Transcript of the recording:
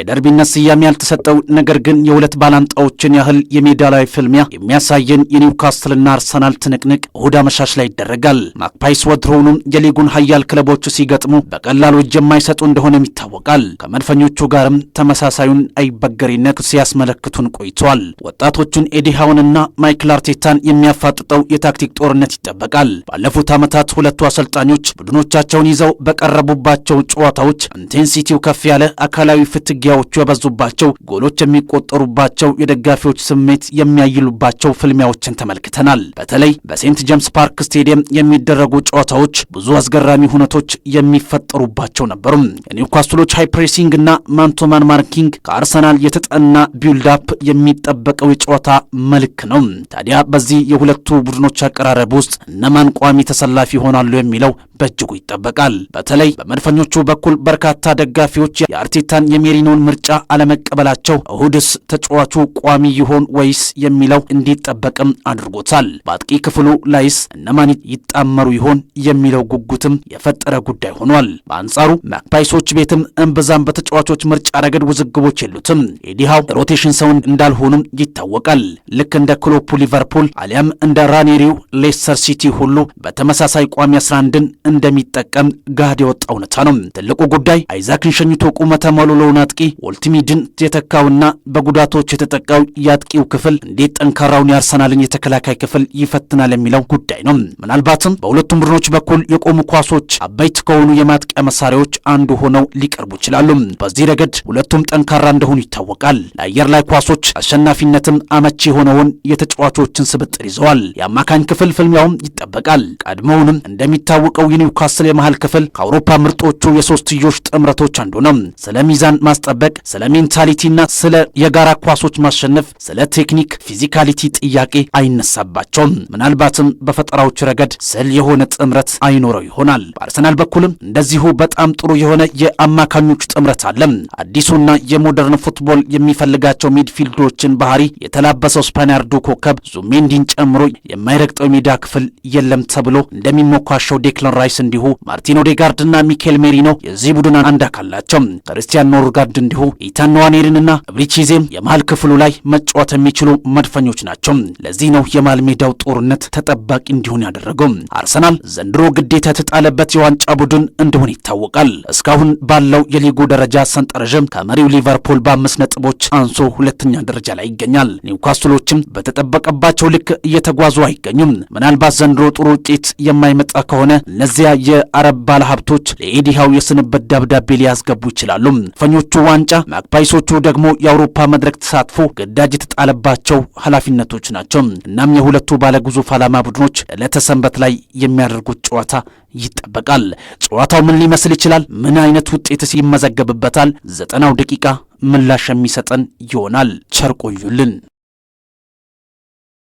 የደርቢነት ስያሜ ያልተሰጠው ነገር ግን የሁለት ባላንጣዎችን ያህል የሜዳ ላይ ፍልሚያ የሚያሳየን የኒውካስትልና አርሰናል ትንቅንቅ እሁድ አመሻሽ ላይ ይደረጋል። ማክፓይስ ወትሮውኑም የሊጉን ሀያል ክለቦቹ ሲገጥሙ በቀላሉ እጅ የማይሰጡ እንደሆነም ይታወቃል። ከመድፈኞቹ ጋርም ተመሳሳዩን አይበገሪነት ሲያስመለክቱን ቆይቷል። ወጣቶቹን ኤዲሃውንና ማይክል አርቴታን የሚያፋጥጠው የታክቲክ ጦርነት ይጠበቃል። ባለፉት ዓመታት ሁለቱ አሰልጣኞች ቡድኖቻቸውን ይዘው በቀረቡባቸው ጨዋታዎች ኢንቴንሲቲው ከፍ ያለ አካላዊ ፍትጌ ውጊያዎቹ የበዙባቸው፣ ጎሎች የሚቆጠሩባቸው፣ የደጋፊዎች ስሜት የሚያይሉባቸው ፍልሚያዎችን ተመልክተናል። በተለይ በሴንት ጄምስ ፓርክ ስቴዲየም የሚደረጉ ጨዋታዎች ብዙ አስገራሚ ሁነቶች የሚፈጠሩባቸው ነበሩም። የኒውካስትሎች ሃይፕሬሲንግ እና ማንቶማን ማርኪንግ ከአርሰናል የተጠና ቢልዳፕ የሚጠበቀው የጨዋታ መልክ ነው። ታዲያ በዚህ የሁለቱ ቡድኖች አቀራረብ ውስጥ እነማን ቋሚ ተሰላፊ ይሆናሉ የሚለው በእጅጉ ይጠበቃል። በተለይ በመድፈኞቹ በኩል በርካታ ደጋፊዎች የአርቴታን የሜሪኖን ምርጫ አለመቀበላቸው እሁድስ ተጫዋቹ ቋሚ ይሆን ወይስ የሚለው እንዲጠበቅም አድርጎታል። በአጥቂ ክፍሉ ላይስ እነማን ይጣመሩ ይሆን የሚለው ጉጉትም የፈጠረ ጉዳይ ሆኗል። በአንጻሩ ማክፓይሶች ቤትም እምብዛም በተጫዋቾች ምርጫ ረገድ ውዝግቦች የሉትም። ኤዲሃው ሮቴሽን ሰውን እንዳልሆኑም ይታወቃል። ልክ እንደ ክሎፑ ሊቨርፑል አሊያም እንደ ራኔሪው ሌስተር ሲቲ ሁሉ በተመሳሳይ ቋሚ 11ን እንደሚጠቀም ጋድ የወጣ እውነታ ነው። ትልቁ ጉዳይ አይዛክን ሸኝቶ ቁመተ መሎሎውን አጥቂ ኦልቲሚድን የተካውና በጉዳቶች የተጠቃው የአጥቂው ክፍል እንዴት ጠንካራውን ያርሰናልን የተከላካይ ክፍል ይፈትናል የሚለው ጉዳይ ነው። ምናልባትም በሁለቱም ቡድኖች በኩል የቆሙ ኳሶች አበይት ከሆኑ የማጥቂያ መሳሪያዎች አንዱ ሆነው ሊቀርቡ ይችላሉ። በዚህ ረገድ ሁለቱም ጠንካራ እንደሆኑ ይታወቃል። ለአየር ላይ ኳሶች አሸናፊነትም አመቺ የሆነውን የተጫዋቾችን ስብጥር ይዘዋል። የአማካኝ ክፍል ፍልሚያውም ይጠበቃል። ቀድሞውንም እንደሚታወቀው የኒውካስል የመሃል ክፍል ከአውሮፓ ምርጦቹ የሶስትዮሽ ጥምረቶች አንዱ ነው። ስለ ሚዛን ማስጠበቅ፣ ስለ ሜንታሊቲና ስለ የጋራ ኳሶች ማሸነፍ፣ ስለ ቴክኒክ ፊዚካሊቲ ጥያቄ አይነሳባቸውም። ምናልባትም በፈጠራዎች ረገድ ስል የሆነ ጥምረት አይኖረው ይሆናል። በአርሰናል በኩልም እንደዚሁ በጣም ጥሩ የሆነ የአማካኞች ጥምረት አለ። አዲሱና የሞደርን ፉትቦል የሚፈልጋቸው ሚድፊልዶችን ባህሪ የተላበሰው ስፓኒያርዱ ኮከብ ዙሜንዲን ጨምሮ የማይረግጠው የሜዳ ክፍል የለም ተብሎ እንደሚሞካሸው ዴክለን ራይ ሞራይስ እንዲሁ ማርቲን እና ሚኬል ሜሪኖ የዚህ ቡድን አንድ አካል ናቸው። ክርስቲያን ኖርጋርድ እንዲሁ ኢታን ንዋኔሪንና ብሪቺዜም የመሃል ክፍሉ ላይ መጫወት የሚችሉ መድፈኞች ናቸው። ለዚህ ነው የመሃል ሜዳው ጦርነት ተጠባቂ እንዲሆን ያደረገው። አርሰናል ዘንድሮ ግዴታ የተጣለበት የዋንጫ ቡድን እንደሆነ ይታወቃል። እስካሁን ባለው የሊጉ ደረጃ ሰንጠረዥም ከመሪው ሊቨርፑል በአምስት ነጥቦች አንሶ ሁለተኛ ደረጃ ላይ ይገኛል። ኒውካስሎችም በተጠበቀባቸው ልክ እየተጓዙ አይገኙም። ምናልባት ዘንድሮ ጥሩ ውጤት የማይመጣ ከሆነ እነዚህ አለዚያ የአረብ ባለሀብቶች ለኢዲሃው የስንበት ደብዳቤ ሊያስገቡ ይችላሉ። ፈኞቹ ዋንጫ፣ ማክፓይሶቹ ደግሞ የአውሮፓ መድረክ ተሳትፎ ግዳጅ የተጣለባቸው ኃላፊነቶች ናቸው። እናም የሁለቱ ባለግዙፍ ዓላማ ቡድኖች ሰንበት ላይ የሚያደርጉት ጨዋታ ይጠበቃል። ጨዋታው ምን ሊመስል ይችላል? ምን አይነት ውጤትስ ይመዘገብበታል? ዘጠናው ደቂቃ ምላሽ የሚሰጠን ይሆናል። ቸር ቆዩልን።